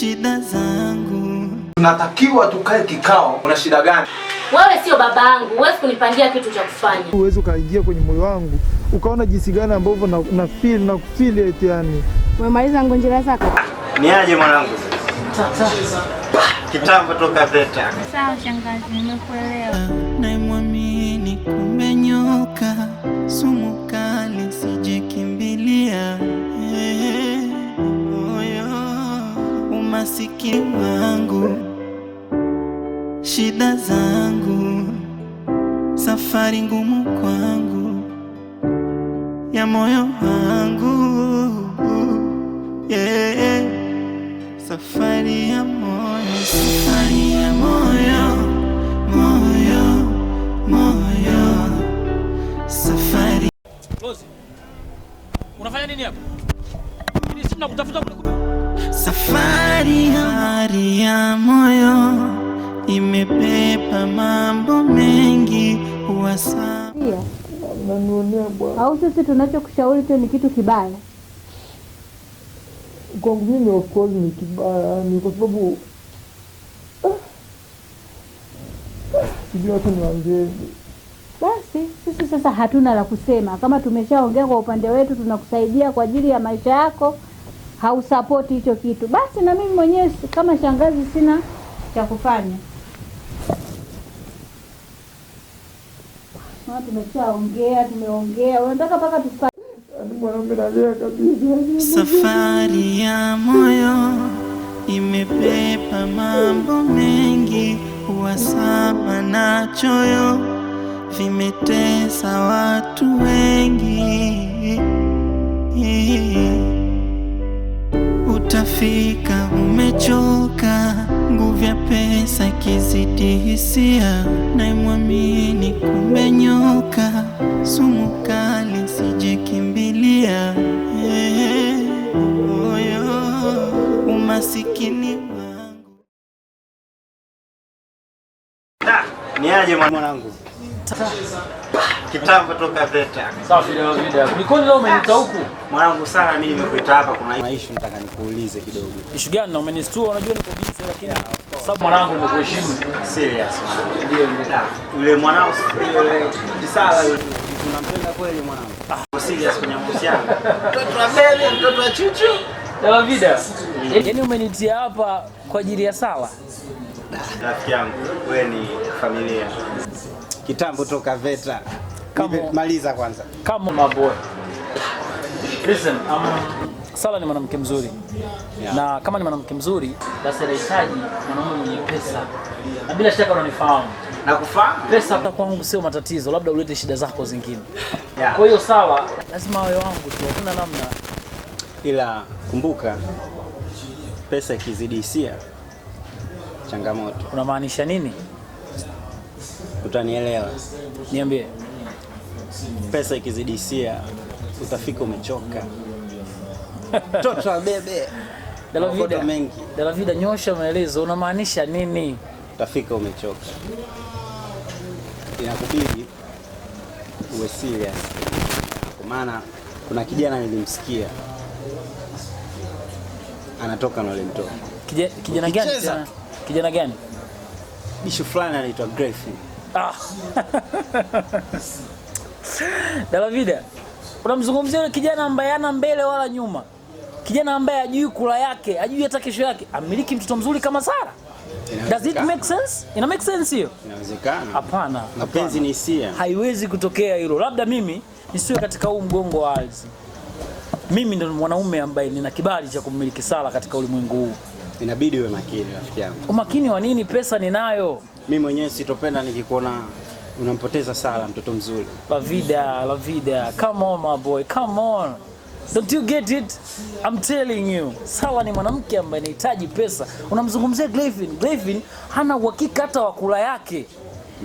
shida zangu. Tunatakiwa tukae kikao. Una shida gani? Wewe sio baba babangu, huwezi kunipangia kitu cha kufanya. Huwezi ukaingia kwenye moyo wangu ukaona jinsi gani ambavyo na, na feel na feel eti yani. Umemaliza ngonjera zako? Ah, ni aje mwanangu? Sasa. Kitambo toka veta. Sawa shangazi, nimekuelewa. moyoni mwangu, shida zangu, safari ngumu kwangu ya moyo wangu yeah. Safari ya moyo, safari ya moyo, moyo, moyo, safari. Unafanya nini hapo? Safari Maria, ya moyo imebeba mambo mengi uwasa. Au sisi tunachokushauri cho ni kitu kibaya? Kwangu mimi of course ni kibaya, ni kwa sababu ah, sijui watu niwambieje. Basi sisi sasa hatuna la kusema, kama tumeshaongea kwa upande wetu, tunakusaidia kwa ajili ya maisha yako hausapoti hicho kitu, basi na mimi mwenyewe kama shangazi sina cha kufanya. Ah, tumeshaongea, tumeongea, unataka mpaka Safari ya moyo imebeba mambo mengi, uhasama na choyo vimetesa watu wengi utafika umechoka, nguvu ya pesa ikizidi hisia, naimwamini kumbe nyoka, sumu kali sijekimbilia. Hey, umasikini wangu ah, niaje mwanangu Kitambo toka VETA. Safi leo video. Nikoni leo umenita huku? Mwanangu sana mimi nimekuita hapa kuna issue nataka nikuulize kidogo. Issue gani na umenistua unajua niko busy lakini sababu mwanangu nimekuheshimu. Serious. Ndio yule mwanao yule Kisala yule tunampenda kweli mwanangu. Ah, serious kwenye mahusiano. Mtoto wa bebe, mtoto wa chuchu. Leo video. Mm. Yaani umenitia hapa kwa ajili ya sala? Rafiki yangu, wewe ni familia kitambo toka VETA. Maliza kwanza. Come on my boy. Listen, um, Sala ni mwanamke mzuri yeah. Na kama ni mwanamke mzuri basi anahitaji mwanaume mwenye pesa, na bila shaka unanifahamu na kufahamu. Pesa kwa kwangu sio matatizo, labda ulete shida zako zingine yeah. Kwa hiyo sawa, lazima awe wangu tu, hakuna namna, ila kumbuka pesa ikizidi hisia changamoto. Unamaanisha nini? utanielewa. Niambie, pesa ikizidisia utafika umechoka. Toto abebe Dalavida, mengi. Dalavida, nyosha maelezo, unamaanisha nini? Utafika umechoka, inakubidi uwe serious, kwa maana kuna kijana nilimsikia anatoka na mtoto. Kijana gani? Kijana gani? Bishu fulani anaitwa Griffin Ah. unamzungumzia yule kijana ambaye ana mbele wala nyuma, kijana ambaye ajui kula yake, ajui hata kesho yake, amiliki mtoto mzuri kama Sara. Does it make sense? Ina make sense hiyo? Inawezekana. Hapana. Mapenzi ni hisia. Haiwezi kutokea hilo. Labda mimi nisiwe katika huu mgongo wa ardhi. Mimi ndo mwanaume ambaye nina kibali cha kumiliki Sara katika ulimwengu huu. Inabidi uwe makini rafiki yangu. Umakini wa nini? Pesa ninayo mimi mwenyewe sitopenda nikikuona unampoteza Sala, mtoto mzuri. La vida, la vida. Come on my boy, come on. Don't you get it? I'm telling you. Sala ni mwanamke ambaye anahitaji pesa. Unamzungumzia Glavin. Glavin hana uhakika hata wa kula yake.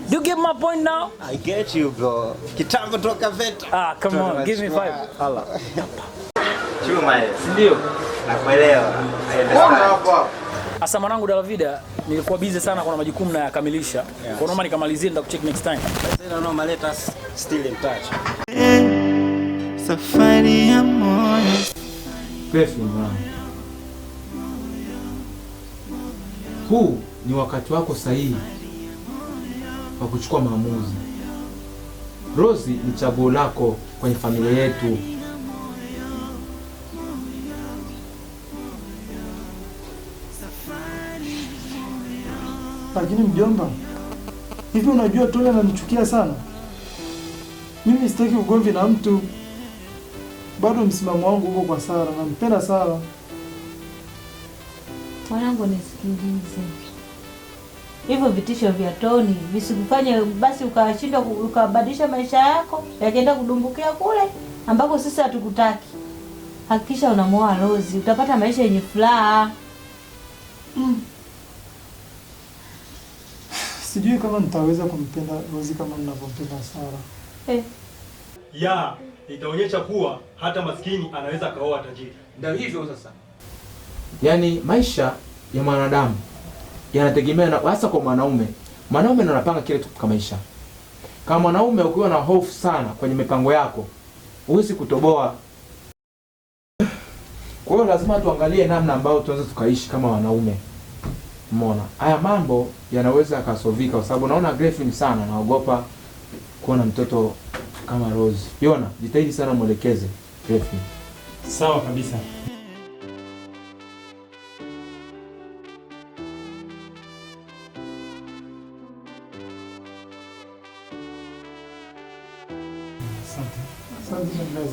Do you get my point now? I get you bro. Kitambo toka VETA. Ah, come on, give me five. Hala. Chuma. Ndio. Nakuelewa. Mbona hapo hapo? Sasa mwanangu Dalavida, nilikuwa busy sana, kuna majukumu na yakamilisha. Yes. Kwa noma nikamalizie, kucheck next time. Sasa no, no, let us still in touch. Safari ya moyo. Huu ni wakati wako sahihi wa kuchukua maamuzi. Rozi ni chaguo lako kwenye familia yetu. Lakini mjomba, hivi unajua Tole ananichukia sana. Mimi sitaki ugomvi na mtu, bado msimamo wangu uko kwa Sara. Nampenda Sara. Mwanangu, nisikilize, hivyo vitisho vya Toni visikufanye basi ukashindwa ukabadilisha maisha yako yakienda kudumbukia kule ambako sisi hatukutaki. Hakikisha unamwoa Rozi, utapata maisha yenye furaha mm. Sijui kama nitaweza kumpenda Rozi kama ninavyompenda Sara. Eh. Ya, itaonyesha kuwa hata maskini anaweza kaoa tajiri. Ndio hivyo sasa. Yaani maisha ya mwanadamu yanategemea na hasa kwa mwanaume. Mwanaume ndo anapanga kile kitu maisha. Kama mwanaume ukiwa na hofu sana kwenye mipango yako, huwezi kutoboa. Kwa hiyo lazima tuangalie namna ambayo tunaweza tukaishi kama wanaume mona haya mambo yanaweza yakasovika, kwa sababu naona Griffin sana, naogopa kuwa na mtoto kama Rose. Yona, jitahidi sana mwelekeze Griffin. Sawa kabisa. Asante. Asante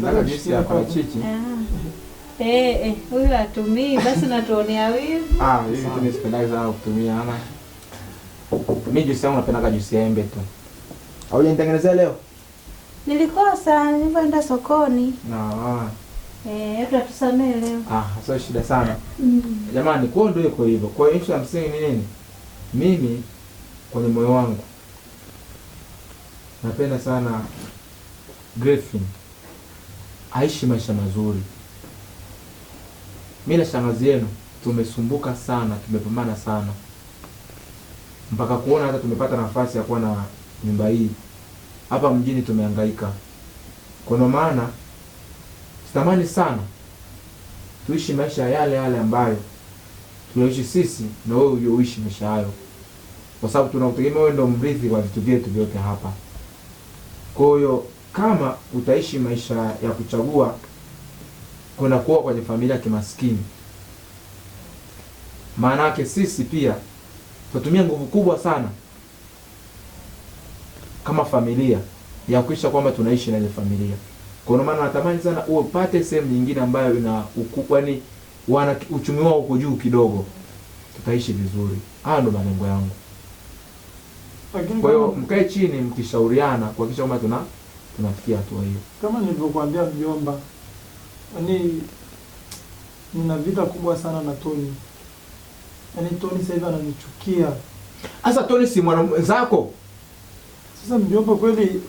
mzazi. Na ya parachichi. Eh, eh, huyu atumii basi natuonea wivu. Ah, hizi tu nisipendagi sana kutumia ana. Mimi juisi yangu napenda juisi ya embe tu. Au unitengenezea leo? Nilikosa nilipoenda sokoni. Ah. Eh, hebu tusamehe leo. Ah, sio shida sana. Mm. Jamani, kwa ndio iko hivyo. Kwa hiyo cha msingi ni nini? Mimi kwenye moyo wangu napenda sana Griffin aishi maisha mazuri. Mimi na shangazi yenu tumesumbuka sana, tumepambana sana mpaka kuona hata tumepata nafasi ya kuwa na nyumba hii hapa mjini. Tumehangaika kwa maana sitamani sana tuishi maisha yale yale ambayo tunaishi sisi na wewe ulioishi maisha hayo, kwa sababu tunautegemea wewe ndio mrithi wa vitu vyetu vyote hapa. Kwa hiyo kama utaishi maisha ya kuchagua kwenda kuwa kwenye familia ya kimaskini. Maana yake sisi pia tutumia nguvu kubwa sana kama familia ya kuhakikisha kwamba tunaishi na ile familia. Kwa maana natamani sana upate sehemu nyingine ambayo ina ukubwa ni wana uchumi wao uko juu kidogo, tutaishi vizuri. Haya ndo malengo yangu. Kwa hiyo mkae chini mkishauriana kuhakikisha kwamba tuna tunafikia hatua hiyo, kama nilivyokuambia mjomba yaani nina vita kubwa sana na Tony. Yaani Tony sasa hivi ananichukia. Sasa Tony si mwanamwenzako? Sasa mjomba, kweli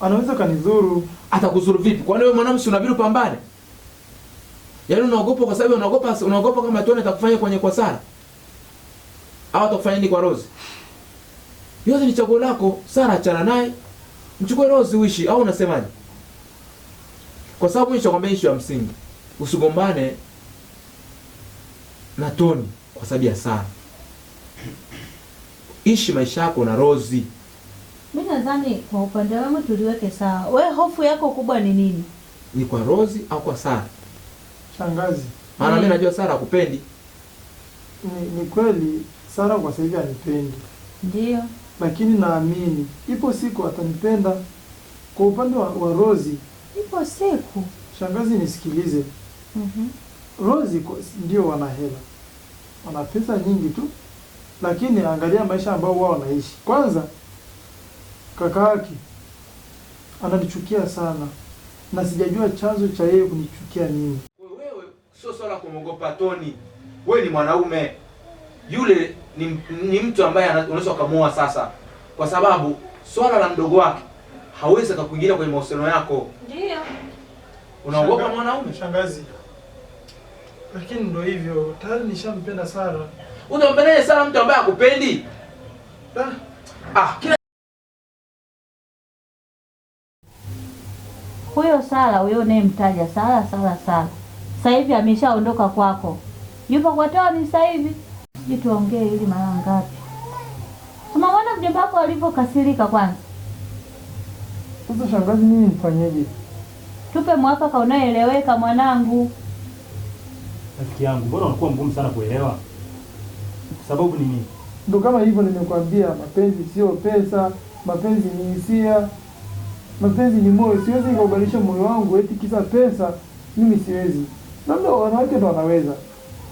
anaweza kanizuru. Atakuzuru vipi? Kwani wewe mwanamume si unabidi upambane? Yaani unaogopa kwa sababu unaogopa unaogopa kama Tony atakufanya kwenye kwa sara Au atakufanya nini kwa Rose? Yote ni chaguo lako. Sara achana naye. Mchukue Rose uishi au unasemaje? Kwa sababu nishakwambia ishu ya msingi, usigombane na Toni kwa sababu ya sana. Ishi maisha yako na Rozi. mi nadhani kwa upande wangu tuliweke sawa. We hofu yako kubwa ni nini? Ni kwa Rozi au kwa Sara? Shangazi. Maana mimi mm. najua Sara akupendi Ni, ni kweli Sara kwa sasa anipendi. Ndio. Lakini naamini ipo siku atanipenda. Kwa upande wa, wa Rozi Ipo siku shangazi, nisikilize. mm -hmm. Rozi ndio wana hela, wana pesa nyingi tu, lakini angalia maisha ambayo wao wanaishi. Kwanza kaka yake ananichukia sana, na sijajua chanzo cha yeye kunichukia nini. Wewe sio swala kumwogopa Toni, wewe ni mwanaume yule ni, ni mtu ambaye unaweza ukamuoa sasa, kwa sababu swala la mdogo wake hawezi akakuingilia kwenye mahusiano yako. Ndiyo unaogopa mwanaume shangazi? Lakini ndio hivyo, tayari nishampenda Sara. Unampenda Sara mtu ambaye akupendi? Ah, kila huyo Sara huyo unayemtaja Sara Sara Sara sasa hivi ameshaondoka kwako, yupo kwa tauni sasa hivi. Tuongee ili mara ngapi? Unaona mjomba wako alivyokasirika kwanza. Sasa shangazi, mimi nifanyeje? tupe mwafaka unaoeleweka mwanangu. Rafiki yangu, mbona unakuwa mgumu sana kuelewa? Sababu ni nini? Ndio kama hivyo nimekwambia, mapenzi sio pesa, mapenzi ni hisia, mapenzi ni moyo. Siwezi nikaubadilisha moyo wangu eti kisa pesa, mimi siwezi. Labda wanawake ndo wanaweza.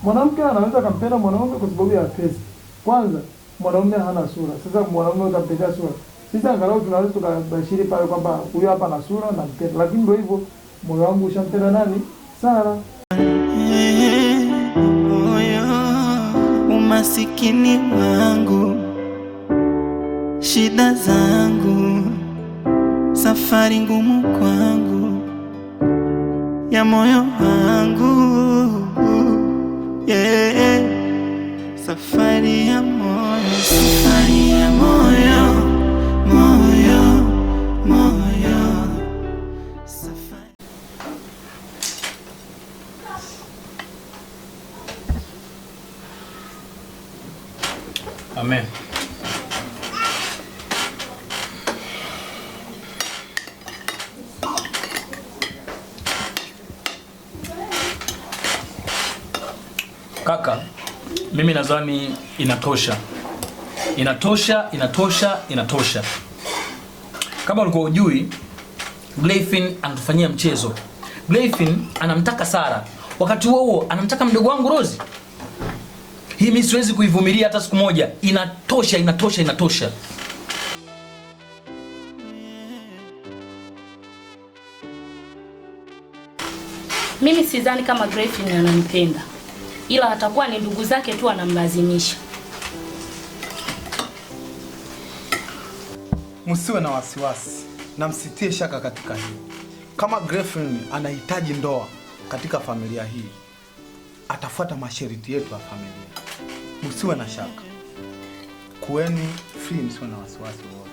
Mwanamke anaweza akampenda mwanaume kwa sababu ya pesa. Kwanza mwanaume hana sura, sasa mwanaume utampenda sura sisi angalau tunaweza tukabashiri pale kwamba huyo hapa na sura na mpenda, lakini ndio hivyo, moyo wangu ushampenda nani? Sara. Moyo umasikini wangu, shida zangu, safari ngumu kwangu ya moyo wangu yeah, safari ya moyo, safari ya moyo Amen. Kaka, mimi nadhani inatosha, inatosha, inatosha, inatosha. Kama ulikuwa ujui, Grayfin anatufanyia mchezo. Grayfin anamtaka Sara, wakati huo huo anamtaka mdogo wangu Rozi. Hii mimi siwezi kuivumilia hata siku moja. Inatosha, inatosha, inatosha. Mimi sidhani kama Grayson anampenda, ila atakuwa ni ndugu zake tu anamlazimisha. Msiwe na wasiwasi na msitie shaka katika hili. Kama Griffin anahitaji ndoa katika familia hii, atafuata masharti yetu ya familia. Msiwe na shaka, kuweni free, msiwe na wasiwasi wote.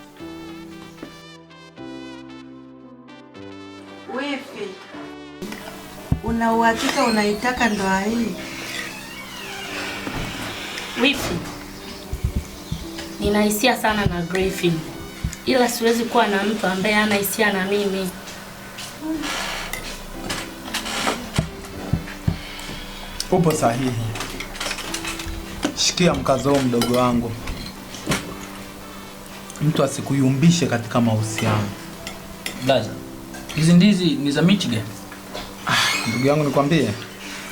Wifi, una uhakika unaitaka ndoa hii? Wifi, ninahisia sana na Griffin, ila siwezi kuwa na mtu ambaye anahisia hisia na mimi. Upo sahihi. Shikia mkazo mdogo wangu, mtu asikuyumbishe katika mahusiano. Blaza, hizi ndizi ni za Michigan. Ah, ndugu yangu nikwambie,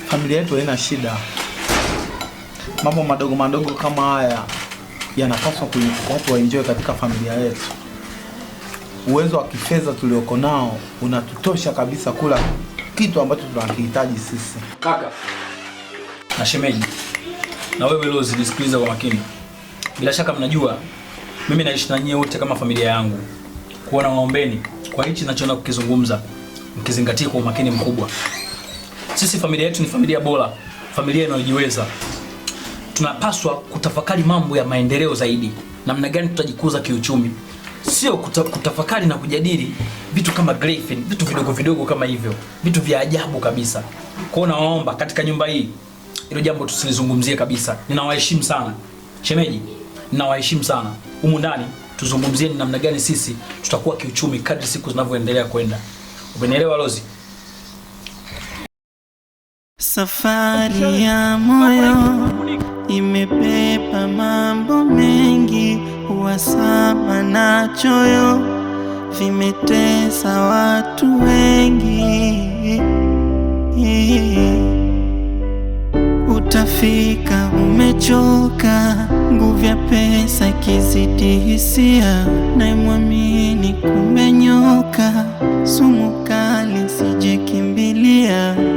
familia yetu haina shida. Mambo madogo madogo kama haya yanapaswa watu wainjoe katika familia yetu. Uwezo wa kifedha tulioko nao unatutosha kabisa kula kitu ambacho tunakihitaji sisi. Kaka na shemeji na wewe Rose, nisikilize kwa makini. Bila shaka mnajua mimi naishi na nyie wote kama familia yangu. Kuona waombeni kwa hichi ninachoenda kukizungumza, mkizingatia kwa umakini mkubwa. Sisi familia yetu ni familia bora, familia inayojiweza. Tunapaswa kutafakari mambo ya maendeleo zaidi, namna gani tutajikuza kiuchumi, sio kuta, kutafakari na kujadili vitu kama Griffin, vitu vidogo vidogo kama hivyo, vitu vya ajabu kabisa. Kwao hiyo nawaomba katika nyumba hii hilo jambo tusilizungumzie kabisa. Ninawaheshimu sana shemeji, ninawaheshimu sana humu ndani. Tuzungumzie ni namna gani sisi tutakuwa kiuchumi kadri siku zinavyoendelea kwenda. Umenielewa Lozi? Safari ya moyo imebeba mambo mengi, uhasama na choyo vimetesa watu wengi. Umefika, umechoka, nguvu ya pesa ikizidi hisia, naimwamini kumbe nyoka, sumu kali sijekimbilia